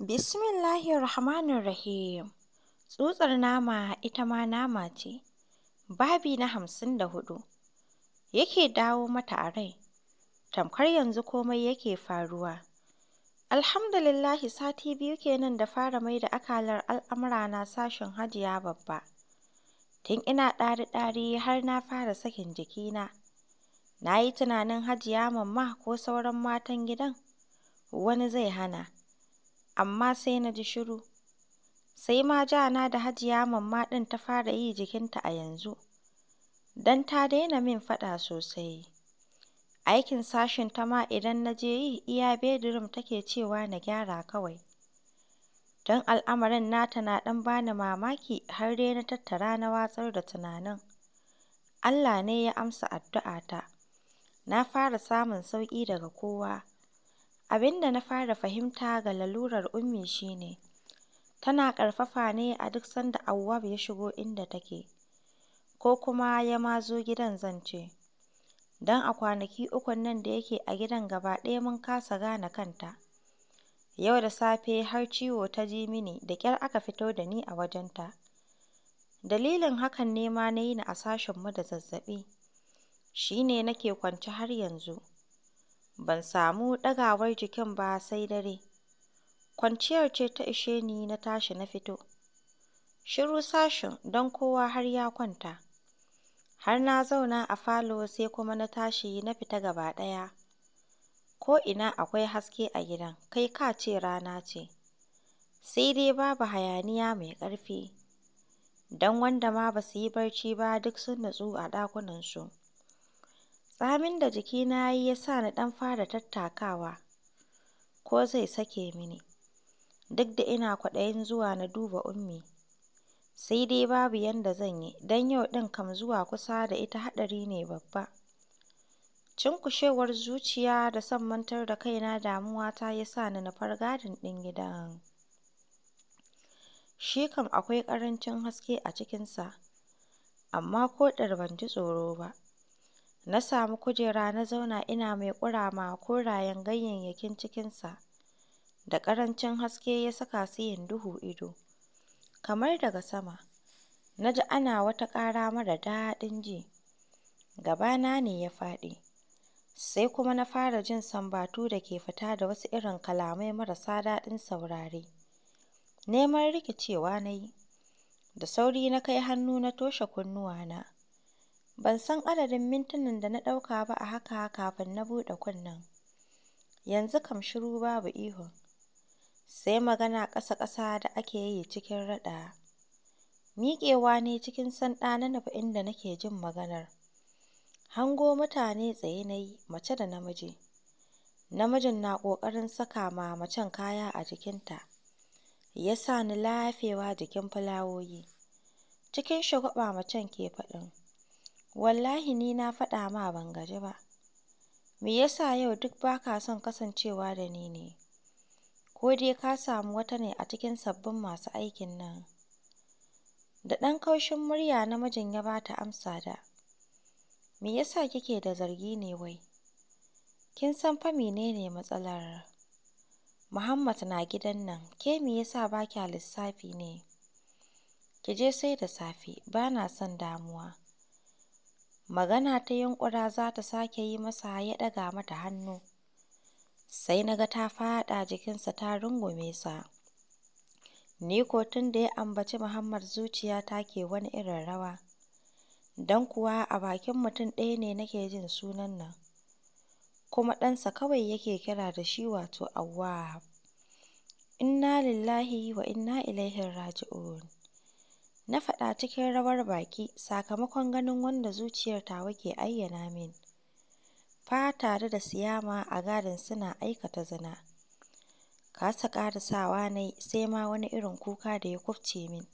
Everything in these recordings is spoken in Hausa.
Bismillahir Rahmanir Rahim. Tsutsar nama ita ma nama ce. Babi na hamsin da hudu. Yake dawo mata a rai. Tamkar yanzu komai yake faruwa. Alhamdulillahi sati biyu kenan da fara mai da akalar al'amura na sashen hajiya babba. Tun ina ɗari-ɗari har na fara sakin jikina. Na yi tunanin hajiya mamma ko sauran matan gidan. Wani zai hana. amma sai na ji shiru. Sai ma ja na da Hajiya Mamma ɗin ta fara yi jikinta a yanzu, don ta daina min faɗa sosai. Aikin sashen ta ma idan na je yi iya bedroom take cewa na gyara kawai. Don al'amarin nata na ɗan bani mamaki har dai na tattara na watsar da tunanin. Allah ne ya amsa addu'ata. Na fara samun sauƙi daga kowa. Abin da na fara fahimta ga lalurar Ummi shine. tana ƙarfafa ne a duk sanda Auwab ya shigo inda take, ko kuma ya ma zo gidan zan ce, don a kwanaki ukun nan da yake a gidan gaba ɗaya mun kasa gane kanta. Yau da safe har ciwo ta ji mini da ƙyar aka fito da ni a wajenta. Dalilin hakan ne ma na yini a sashenmu da zazzaɓi, shi ne nake kwance har yanzu. Ban samu ɗagawar jikin ba sai dare. Kwanciyar ce ta ishe ni na tashi na fito. Shiru sashin don kowa har ya kwanta. Har na zauna a falo sai kuma na tashi na fita gaba ɗaya. Ko ina akwai haske a gidan, kai ka ce rana ce. Sai dai babu hayaniya mai ƙarfi. Don wanda ma ba su yi barci ba duk sun natsu a ɗakunansu. Tsamin da jikina ya yi ya sa ni ɗan fara tattakawa ko zai sake mini, duk da ina kwaɗayin zuwa na duba Ummi. Sai dai babu yanda zan yi, don yau ɗin kam zuwa kusa da ita haɗari ne babba. Cunkushewar zuciya da son mantar da kaina damuwata ya sa ni na gadin ɗin gidan. Shi kam akwai ƙarancin haske a cikinsa, amma ko ɗar ban ji tsoro ba. Na samu kujera na zauna ina mai ƙurama korayen ganyayyakin cikinsa da ƙarancin haske ya saka su yin duhu ido. Kamar daga sama, na ji ana wata ƙara mara daɗin ji. Gabana ne ya faɗi. Sai kuma na fara jin sambatu da ke fita da wasu irin kalamai marasa daɗin saurare. Neman rikicewa na yi, da sauri na kai hannu na toshe kunnuwana. Ban san adadin mintunan da na ɗauka ba a haka kafin na buɗe kunnen. Yanzu kam shiru babu ihu. Sai magana ƙasa-ƙasa da ake yi cikin raɗa. Miƙewa ne cikin sanɗa na nufa inda nake jin maganar. Hango mutane tsaye na yi, mace da namiji. Namijin na ƙoƙarin saka ma macen kaya a jikinta. Ya sa ni lafewa jikin fulawoyi. Cikin shagwaɓa macen ke faɗin. Wallahi ni na faɗa ma ban gaji ba. Me yasa yau duk ba ka son kasancewa da ni ne? Ko dai ka samu wata ne a cikin sabbin masu aikin nan? Da ɗan kaushin murya namijin ya ba ta amsa da, Me yasa kike da zargi ne wai? Kin san fa menene matsalar? Muhammad na gidan nan, ke me yasa ba kya lissafi ne? Ki je sai da safe, ba na son damuwa. Magana ta yunƙura za ta sake yi masa ya ɗaga mata hannu, sai na ga ta faɗa jikinsa ta rungume sa. Ni ko tun da ya ambaci Muhammad zuciya ta ke wani irin rawa, don kuwa a bakin mutum ɗaya ne nake jin sunan nan, kuma ɗansa kawai yake kira da shi wato Awwa. Inna lillahi wa inna ilaihin raji'un. na faɗa cikin rawar baki sakamakon ganin wanda zuciyar tawa ke ayyana min. Fa tare da Siyama a gadin suna aikata zina. Kasa ƙarisawa ne sai ma wani irin kuka da ya kufce min.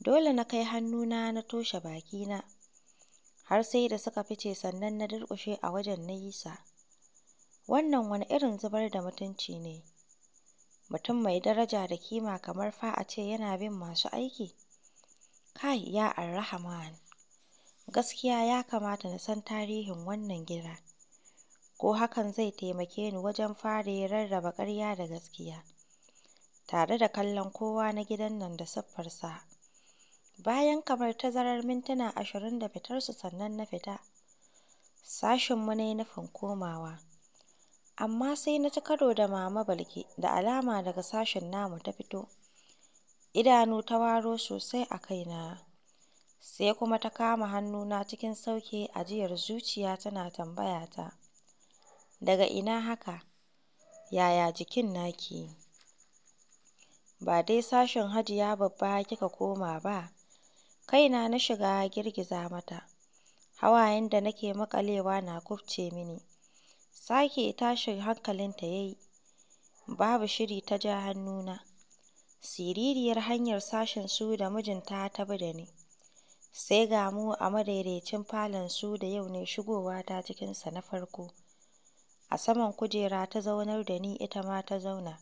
Dole na kai hannuna na toshe bakina, har sai da suka fice sannan na durƙushe a wajen na yisa. Wannan wani irin zubar da mutunci ne. Mutum mai daraja da kima kamar fa a ce yana bin masu aiki. Kai ya Arrahaman, gaskiya ya kamata na san tarihin wannan gida, ko hakan zai taimake ni wajen fara rarraba ƙarya da gaskiya, tare da kallon kowa na gidan nan da siffarsa. Bayan kamar tazarar mintuna ashirin da fitar su sannan na fita, sashinmu na yi nufin komawa. Amma sai na ci karo da Mama Balki, da alama daga sashen namu ta fito. idanu ta waro sosai a kaina sai kuma ta kama hannuna cikin sauke ajiyar zuciya tana tambaya ta daga ina haka yaya jikin naki ba dai sashen hajiya babba kika koma ba kaina na shiga girgiza mata hawayen da nake makalewa na kufce mini sake tashin hankalinta yayi babu shiri ta ja hannuna siririyar hanyar sashen su da mijinta ta bi da ni. Sai ga mu a madaidaicin falon su da yau ne shigowa ta cikin sa na farko. A saman kujera ta zaunar da ni ita ma ta zauna.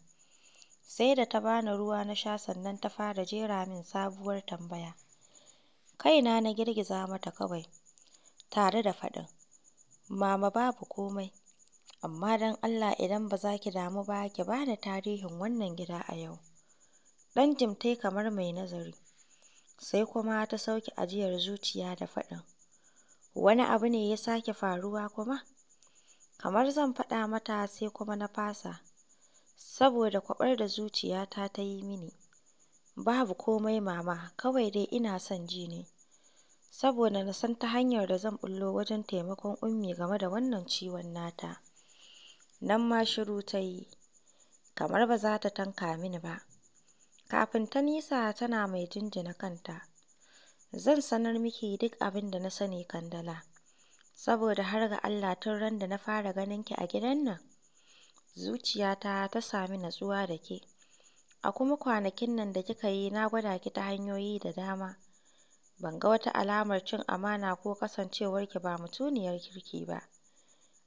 Sai da ta bani ruwa na sha sannan ta fara jera min sabuwar tambaya. Kaina na girgiza mata kawai, tare da faɗin, Mama babu komai, amma don Allah idan ba za ki damu ba ki bani tarihin wannan gida a yau. Ɗan Jim ta yi kamar mai nazari, sai kuma ta sauke ajiyar zuciya da faɗin, “Wani abu ne ya sake faruwa kuma?” Kamar zan faɗa mata sai kuma na fasa, saboda kwaɓar da zuciyata ta yi mini. “Babu komai mama, kawai dai ina son ji ne, saboda na san ta hanyar da zan bullo wajen taimakon Ummi game da wannan ciwon nata.” Nan ma shiru ta yi, kamar ba za ta tanka mini ba. Kafin ta nisa tana mai jinjina kanta. Zan sanar miki duk abin da na sani Kandala, saboda har ga Allah tun ran da na fara ganin ki a gidan nan, zuciyata ta sami natsuwa da ke. A kuma kwanakin nan da kika yi na gwada ki ta hanyoyi da dama. Ban ga wata alamar cin amana ko kasancewar ki ba mutuniyar kirki ba.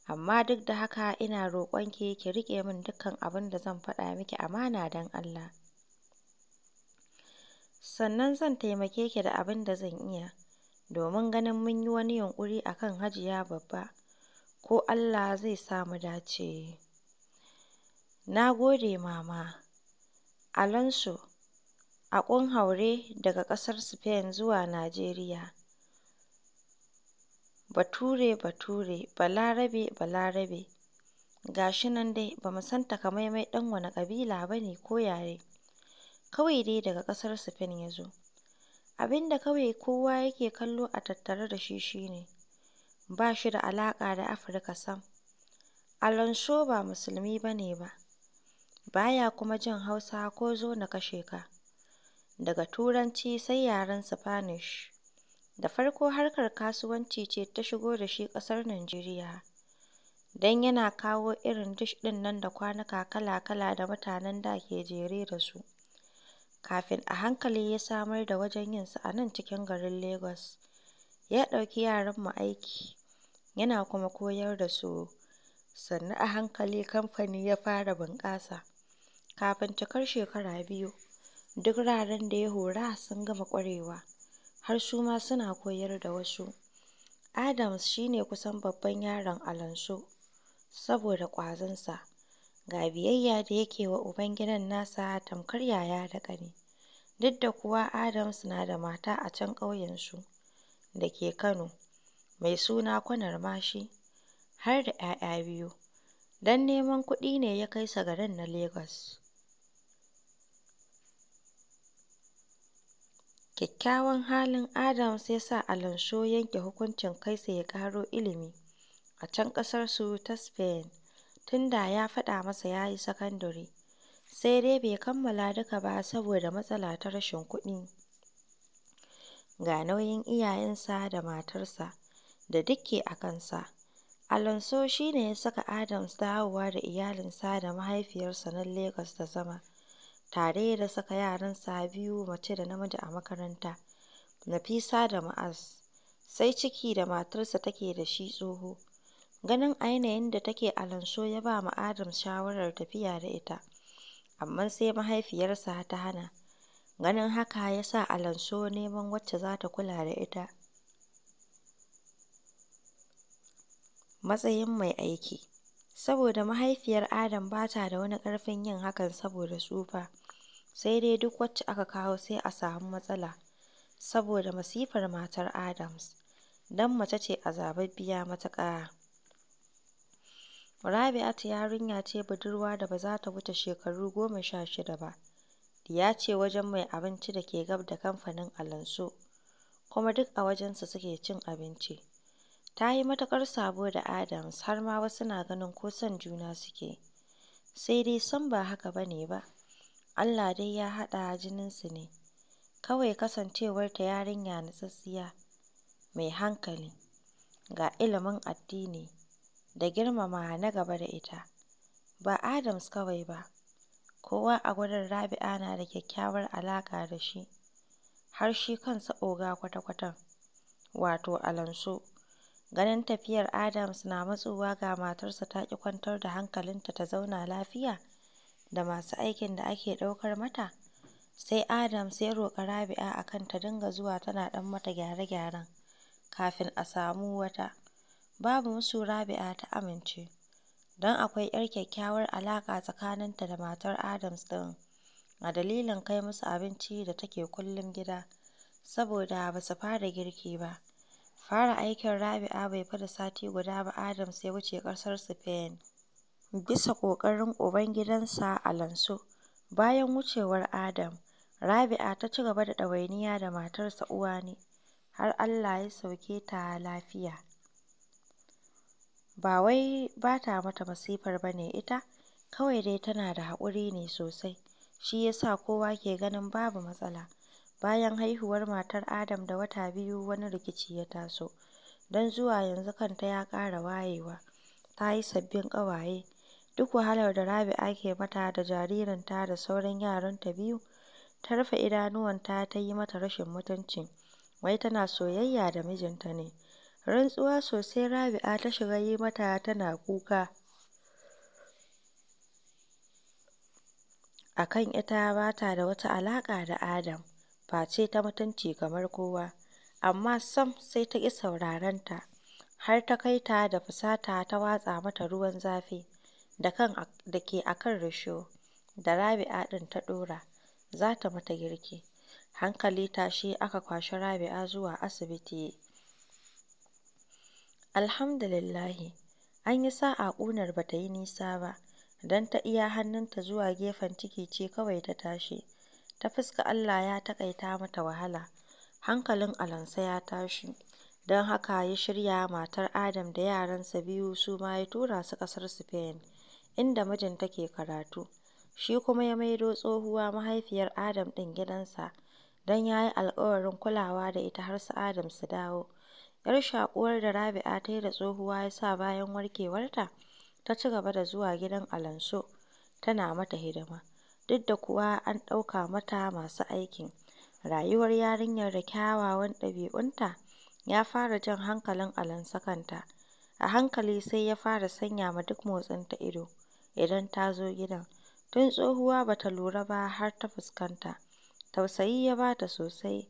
Amma duk da haka ina roƙon ki ki riƙe min dukkan abin da zan faɗa miki amana don Allah. sannan zan taimake ki da abin da zan iya domin ganin mun yi wani yunƙuri a kan Hajiya Babba, ko Allah zai sa mu dace. Na gode Mama. Alonso, a ƙun haure daga ƙasar Spain zuwa Najeriya. Bature Bature, Balarabe Balarabe, ga shi nan dai ba mu san takamaimai ɗan wani ƙabila ba ne ko yare. kawai dai daga ƙasar Spain ya zo. Abin da kawai kowa yake kallo a tattare da shi shi ne, ba shi da alaƙa da Afirka sam. Alonso ba Musulmi ba ne ba, ba ya kuma jin Hausa ko zo na kashe ka. Daga Turanci sai yaren Spanish. Da farko harkar kasuwanci ce ta shigo da shi ƙasar Najeriya. don yana kawo irin dish ɗin nan da kwanuka kala-kala da mutanen da ke jere da su. kafin a hankali ya samar da wajen yinsa a nan cikin garin Legas, Ya ɗauki yaran mu aiki, yana kuma koyar da su, sannan a hankali kamfani ya fara bunƙasa. Kafin cikar shekara biyu, duk raren da ya hora sun gama ƙwarewa, har su ma suna koyar da wasu. Adams shi ne kusan babban yaron Alonso saboda ƙwazonsa. ga biyayya da yake wa ubangidan nasa tamkar yaya da ƙani. Duk da kuwa Adams na da mata a can ƙauyensu da ke Kano mai suna Kwanar Mashi har da ‘ya'ya biyu, don neman kuɗi ne ya kai sa garin na Legas. Kyakkyawan halin Adams ya sa Alonso yanke hukuncin kai sa ya ƙaro ilimi a can ƙasarsu ta Spain. tun da ya faɗa masa ya yi sakandare, sai dai bai kammala duka ba saboda matsala ta rashin kuɗi ga nauyin iyayensa da matarsa da dukke a kansa. Alonso shi ne ya saka Adams dawowa da iyalinsa da mahaifiyarsa na lagos da zama, tare da saka yaransa biyu mace da namiji a makaranta, Nafisa da Ma'az, sai ciki da matarsa take da shi tsoho. Ganin a yanayin da take lanso ya ba ma adam shawarar tafiya da ita, amma sai mahaifiyarsa ta hana, ganin haka ya sa a lanso neman wacce za ta kula da ita matsayin mai aiki, saboda mahaifiyar Adam ba ta da wani ƙarfin yin hakan saboda tsufa, sai dai duk wacce aka kawo sai a samu matsala saboda masifar matar Adams, don mace ce a zababbiya matuƙa. Rabi'atu yarinya ce budurwa da ba za ta wuce shekaru goma sha shida ba, diya ce wajen mai abinci da ke gab da Kamfanin Alanso, kuma duk a wajensa suke cin abinci. Ta yi matuƙar sabo da Adams har ma wasu na ganin ko son juna suke, sai dai sam ba haka ba ne ba, Allah dai ya haɗa jininsu ne, kawai kasancewarta yarinya na natsattsiya, mai hankali, ga ilimin addini da girmama na gaba da ita. Ba Adams kawai ba, kowa a gurin Rabi'a na da kyakkyawar alaƙa da shi, har shi kansa oga kwata-kwatan, wato Alonso. Ganin tafiyar Adams na matsowa ga matarsa ta ƙi kwantar da hankalinta ta zauna lafiya da masu aikin da ake ɗaukar mata, sai Adams ya roƙa Rabi'a a kan ta dinga zuwa tana ɗan mata gyare-gyaren, kafin a samu wata. Babu musu Rabi'a ta amince, don akwai 'yar kyakkyawar alaƙa tsakaninta da matar Adams ɗin a dalilin kai musu abinci da take kullum gida, saboda ba su fara girki ba. Fara aikin Rabi'a bai fi da sati guda ba Adams ya wuce ƙasar Spain bisa ƙoƙarin gidansa Alonso. Bayan wucewar Adam, Rabi'a ta ci gaba da ɗawainiya da matarsa Uwani, har Allah ya sauke ta lafiya. Ba wai ba ta mata masifar ba ne ita, kawai dai tana da haƙuri ne sosai, shi ya sa kowa ke ganin babu matsala. Bayan haihuwar matar Adam da wata biyu wani rikici ya taso, don zuwa yanzu kanta ya ƙara wayewa, ta yi sabbin ƙawaye, duk wahalar da Rabi'a ke mata da jaririnta da sauran yaranta biyu, ta rufe idanuwanta ta yi mata rashin mutunci, wai tana soyayya da mijinta ne. Rantsuwa sosai Rabi'a ta shiga yi mata tana kuka a kan ita ba ta da wata alaƙa da Adam face ta mutunci kamar kowa, amma Sam sai ta ƙi sauraron ta, har ta kai ta da fusata ta watsa mata ruwan zafi da ke a kan risho da Rabi'a ɗin ta ɗora, za ta mata girki. Hankali ta shi aka kwashi Rabi'a zuwa asibiti. Alhamdulillahi, an yi sa'a ƙunar ba ta yi nisa ba, don ta iya hannunta zuwa gefen ciki ce kawai ta tashi. Ta fuska Allah ya taƙaita mata wahala. Hankalin Alonso ya tashi, don haka ya shirya matar Adam da yaransa biyu su ma ya tura su ƙasar Spain, inda mijinta ke karatu. Shi kuma ya maido tsohuwa mahaifiyar Adam ɗin gidansa, don ya yi alƙawarin kulawa da ita har su Adam su dawo. Yar shaƙuwar da Rabi'a ta yi da tsohuwa ya sa bayan warkewarta, ta ci gaba da zuwa gidan Alonso tana mata hidima, duk da kuwa an ɗauka mata masu aikin. Rayuwar yarinyar da kyawawan ɗabi'unta ya fara jan hankalin Alonso kanta. A hankali sai ya fara sanya ma duk motsinta ido idan ta zo gidan. Tun tsohuwa ba ta lura ba har ta fuskanta. Tausayi ya ba ta sosai.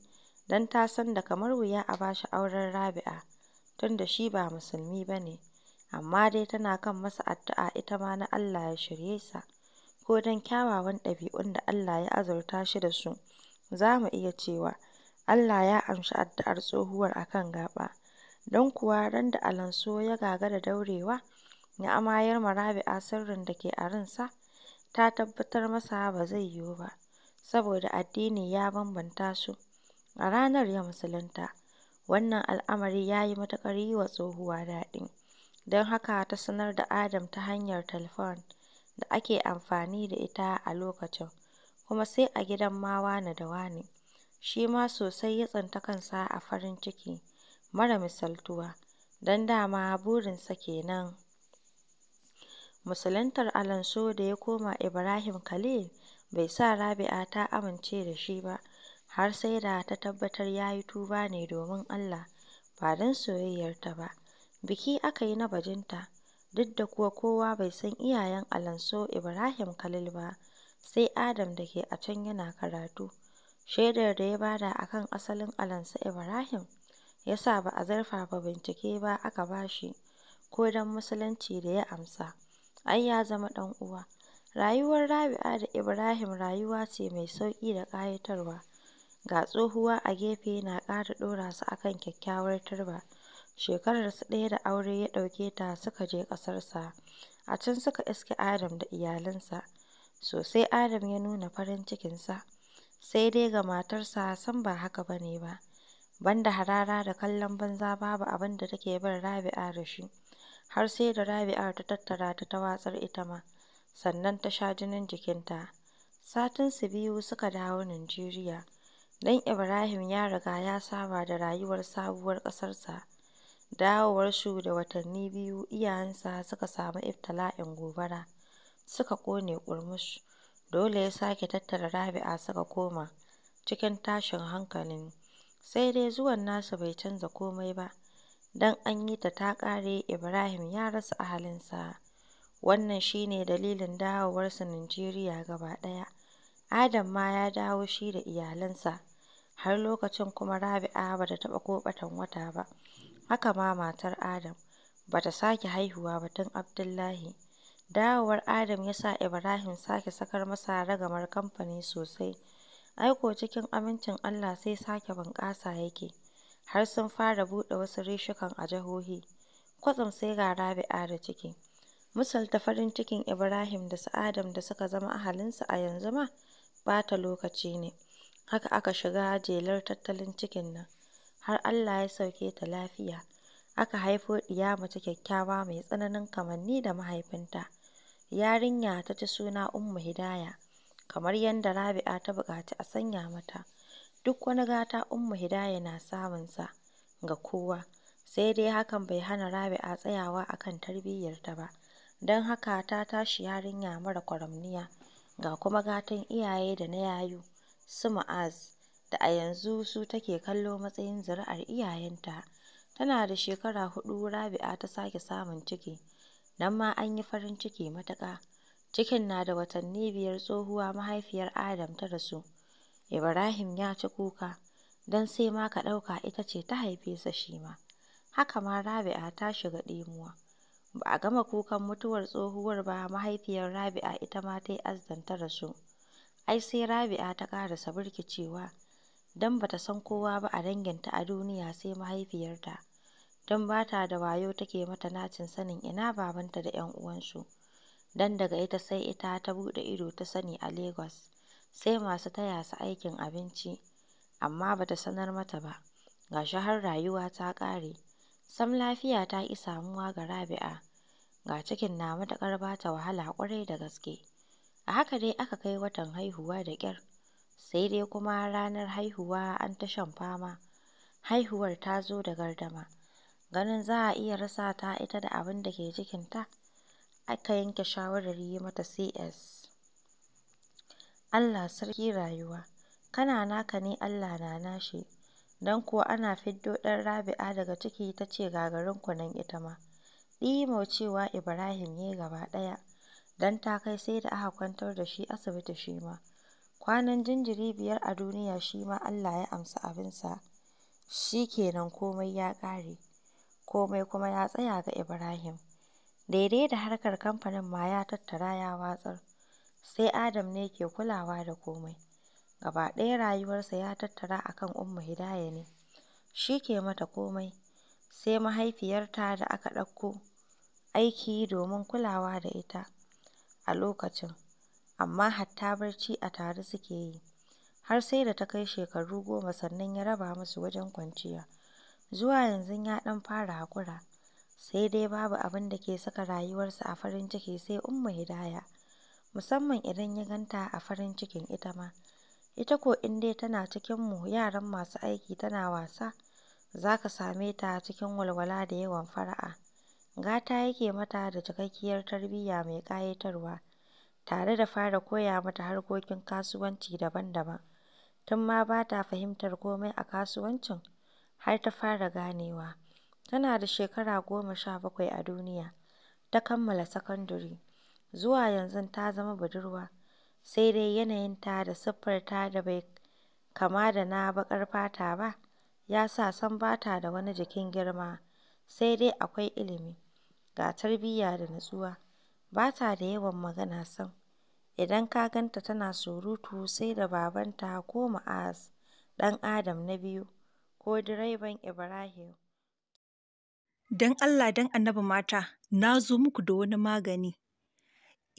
don ta san da kamar wuya a ba shi auren Rabi'a tun da shi ba musulmi ba ne, amma dai tana kan masa addu'a ita ma na Allah ya shirye sa, ko don kyawawan ɗabi'un da Allah ya azurta shi da su, za mu iya cewa Allah ya amshi addu'ar tsohuwar a kan gaɓa, don kuwa ran da Alonso ya gaga da daurewa ya amayar ma Rabi'a sirrin da ke a ransa, ta tabbatar masa ba zai yiwu ba, saboda addini ya bambanta su. A ranar ya musulunta. Wannan al'amari ya yi matuƙar yi wa tsohuwa daɗi, don haka ta sanar da Adam ta hanyar talfon da ake amfani da ita a lokacin, kuma sai a gidan ma wane da wane, shi ma sosai ya tsanta kansa a farin ciki mara misaltuwa, don dama burinsa ke nan. Musuluntar Alonso da ya koma Ibrahim Khalil bai sa Rabi'a ta amince da shi ba. har sai da ta tabbatar ya yi tuba ne domin Allah ba don soyayyarta ba. Biki aka yi na bajinta, duk da kuwa kowa bai san iyayen Alonso Ibrahim Khalil ba, sai Adam da ke a can yana karatu. Shaidar da ya bada a kan asalin Alonso Ibrahim ya sa ba a zarfa ba bincike ba aka ba shi, ko don Musulunci da ya amsa, ai ya zama ɗan uwa. Rayuwar Rabi'a da Ibrahim rayuwa ce mai sauƙi da ƙayatarwa. Ga tsohuwa a gefe na ƙara ɗora su a kan kyakkyawar turba. Shekarar su ɗaya da aure ya ɗauke ta suka je ƙasarsa. A can suka iske Adam da iyalansa. Sosai Adam ya nuna farin cikinsa, sai dai ga matarsa san ba haka ba ne ba. Banda harara da kallon banza babu abin da take bin Rabi'a da shi, har sai da Rabi'a ta tattara ta ta watsar ita ma, sannan ta sha jinin jikinta. Satinsu biyu suka dawo Nijeriya. dan Ibrahim ya riga ya saba da rayuwar sabuwar ƙasarsa, dawowar Shu da watanni biyu iyayensa suka samu ibtila'in gobara suka ƙone ƙurmus, dole ya sake tattara Rabi'a suka koma, cikin tashin hankalin, sai dai zuwan nasu bai canza komai ba, don an yi ta ta ƙare Ibrahim ya rasa halinsa. Wannan shi ne dalilin dawowarsa Nijeriya gaba ɗaya, Adam ma ya dawo shi da iyalansa. har lokacin kuma Rabi'a ba ta taɓa ko ɓatan wata ba, haka ma matar Adam, ba ta sake haihuwa ba tun Abdullahi. Dawowar Adam ya sa Ibrahim sake sakar masa ragamar kamfani sosai, aiko cikin amincin Allah sai sake bunƙasa yake, har sun fara buɗe wasu reshukan a jihohi, kwatsam sai ga Rabi'a da ciki. musalta farin cikin Ibrahim da su Adam da suka zama ahalinsa a yanzu ma ɓata lokaci ne. Haka aka shiga jelar tattalin cikin nan, har Allah ya sauke ta lafiya, aka haifo ɗiya mace kyakkyawa mai tsananin kamanni da mahaifinta. Yarinya ta ci suna Ummu Hidaya, kamar yadda Rabi'a ta buƙaci a sanya mata. Duk wani gata Ummu Hidaya na sa ga kowa, sai dai hakan bai hana Rabi'a tsayawa a kan tarbiyyarta ba, don haka ta tashi yarinya mara kwaramniya, ga kuma gatan iyaye da na yayu. su Ma'az da a yanzu su take kallo matsayin zuri'ar iyayenta. Tana da shekara hudu Rabi'a ta sake samun ciki, nan ma an yi farin ciki matuƙa. Cikin na da watanni biyar tsohuwa mahaifiyar Adam ta rasu. Ibrahim ya ci kuka, don sai ma ka ɗauka ita ce ta haife sa shi ma. Haka ma Rabi'a ta shiga ɗimuwa. Ba a gama kukan mutuwar tsohuwar ba mahaifiyar Rabi'a ita ma ta yi azdan ta rasu. Ai sai Rabi'a ta ƙarasa birkicewa, don ba ta san kowa ba a danginta a duniya sai mahaifiyarta, don bata da wayo take mata nacin sanin ina babanta da 'yan uwansu, don daga ita sai ita ta buɗe ido ta sani a Lagos, sai masu taya su aikin abinci, amma bata sanar mata ba, ga har rayuwa ta ƙare, sam lafiya ta ƙi samuwa ga Rabi'a, ga cikin na matuƙar bata ta wahala kwarai da gaske. A haka dai aka kai watan haihuwa da ƙyar, sai dai kuma ranar haihuwa an ta shan fama, haihuwar ta zo da gardama, ganin za a iya rasa ta ita da abin da ke jikinta? aka yanke shawarar yi mata CS. Allah sarki rayuwa, kana naka ne Allah na nashi, don kuwa ana fiddo ɗan Rabi'a daga ciki ta ce ga garin kunan ita ma, cewa Ibrahim ya gaba ɗaya. dan ta kai sai da aka kwantar da shi asibiti shi ma. Kwanan jinjiri biyar a duniya shi ma Allah ya amsa abinsa, shi kenan komai ya ƙare, komai kuma ya tsaya ga Ibrahim. Daidai da harkar kamfanin ma ya tattara ya watsar, sai Adam ne ke kulawa da komai. Gaba ɗaya rayuwarsa ya tattara akan kan Ummu Hidaya ne, shi ke mata komai, sai mahaifiyarta da aka ɗauko aiki domin kulawa da ita. a lokacin, amma hatta barci a tare suke yi, har sai da ta kai shekaru goma sannan ya raba musu wajen kwanciya. Zuwa yanzu ya ɗan fara hakura sai dai babu abin da ke saka rayuwarsa a farin ciki sai Ummu Hidaya, musamman idan ya ganta a farin cikin ita ma. Ita ko in dai tana cikin mu yaran masu aiki tana wasa, za ka same ta cikin walwala da yawan fara'a. gata yake mata da cikakkiyar tarbiyya mai ƙayatarwa, tare da fara koya mata harkokin kasuwanci daban-daban, tun ma ba ta fahimtar komai a kasuwancin har ta fara ganewa. Tana da shekara goma sha bakwai a duniya, ta kammala sakandare, zuwa yanzu ta zama budurwa, sai dai yanayin ta da siffar ta da bai kama da na baƙar fata ba, ya sa sam ba ta da wani jikin girma. sai dai akwai ilimi, ga tarbiyya da natsuwa. Ba ta da yawan magana sam, idan ka ganta tana surutu sai da babanta ko Ma'az Dan Adam na biyu ko direban Ibrahim. dan Allah dan annabi mata, na zo muku da wani magani.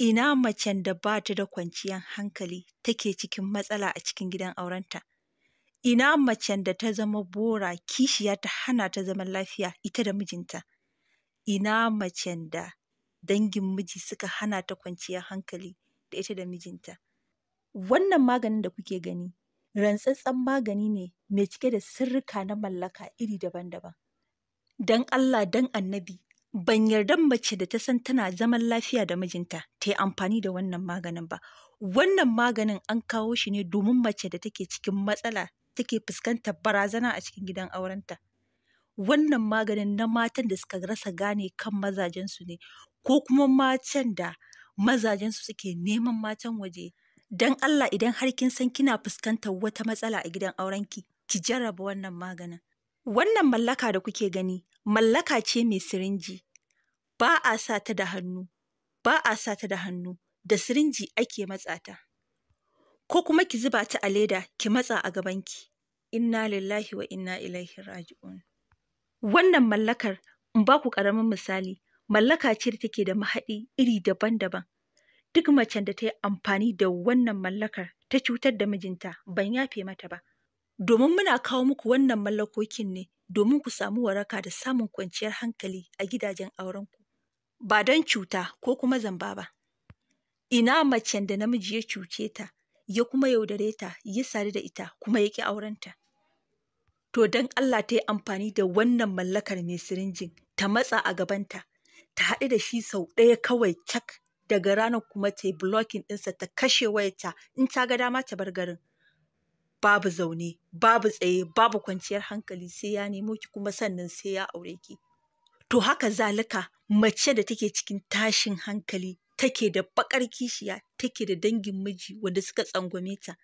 Ina macen da ba ta da kwanciyar hankali take cikin matsala a cikin gidan aurenta. Ina macen da ta zama bora kishiya ta hana ta zaman lafiya ita da mijinta? Ina macen da dangin miji suka hana ta kwanciya hankali da ita da mijinta? Wannan maganin da kuke gani, rantsatsen magani ne mai cike da sirrika na mallaka iri daban-daban. Don Allah, don annabi, ban yarda mace da ta san tana zaman lafiya da mijinta ta yi amfani da wannan maganin ba. Wannan maganin an kawo shi ne domin mace da take cikin matsala take fuskantar barazana a cikin gidan aurenta wannan maganin na matan da suka rasa gane kan mazajensu ne ko kuma matan da mazajensu suke neman matan waje don Allah idan har kin san kina fuskantar wata matsala a gidan aurenki ki jarraba wannan maganin wannan mallaka da kuke gani mallaka ce mai sirinji ba a sa ta da hannu ba a sa ta da hannu da sirinji ake matsata. ko kuma ki zuba ta a leda ki matsa a gabanki. Inna lillahi wa inna ilaihi raji'un. Wannan mallakar in ba ku ƙaramin misali mallaka ce da take da mahadi iri daban-daban. Duk macen da ta yi amfani da wannan mallakar ta cutar da mijinta ban yafe mata ba. Domin muna kawo muku wannan mallakokin ne domin ku samu waraka da samun kwanciyar hankali a gidajen aurenku. Ba don cuta ko kuma zamba ba. Ina macen da namiji ya cuce ta ya kuma yaudare ta ya sadu da ita kuma ya ƙi aurenta to don Allah ta yi amfani da wannan mallakar mai sirinjin ta matsa a gabanta ta haɗu da shi sau ɗaya kawai cak daga ranar kuma ta yi blocking ɗinsa ta kashe wayarta in ta ga dama ta bar garin babu zaune babu tsaye babu kwanciyar hankali sai ya nemo ki kuma sannan sai ya aure ki to haka zalika mace da take cikin tashin hankali take da bakar kishiya take da dangin miji wanda suka tsangwame ta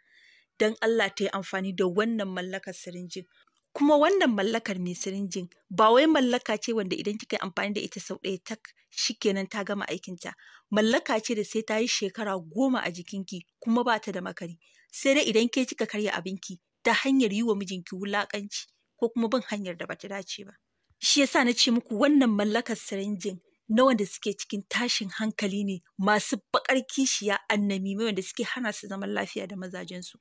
don Allah ta yi amfani da wannan mallakar sirinjin kuma wannan mallakar mai sirinjin ba wai mallaka ce wanda idan kika yi amfani da ita sau ɗaya tak shikenan ta gama aikinta mallaka ce da sai ta yi shekara goma a jikinki kuma ba ta da makari sai dai idan ke kika karya abinki ta hanyar yi wa mijinki wulaƙanci ko kuma bin hanyar da bata dace ba shi yasa na ce muku wannan mallakar sirinjin na wanda suke cikin tashin hankali ne masu bakar kishiya annami mai wanda suke hana su zaman lafiya da mazajensu.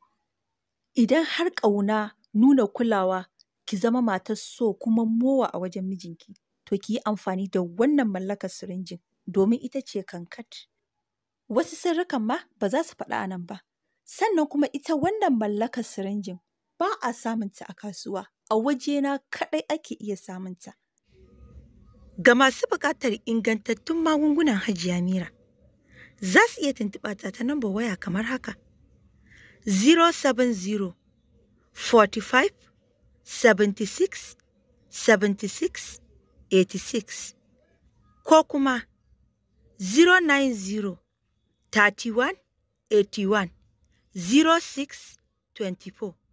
Idan har ƙauna nuna kulawa ki zama matar so kuma mowa a wajen mijinki, to ki yi amfani da wannan mallakar sirinjin domin ita ce kankat. Wasu sirrikan ma ba za su faɗa a nan ba. Sannan kuma ita wannan mallakar sirinjin ba a samunta a kasuwa, a wajena kaɗai ake iya samunta. Ga masu buƙatar ingantattun magungunan Hajiya Mira, za su iya tuntuɓa ta ta nambar waya kamar haka: 070 45 76 76 86 ko kuma 090 31 81 06 24.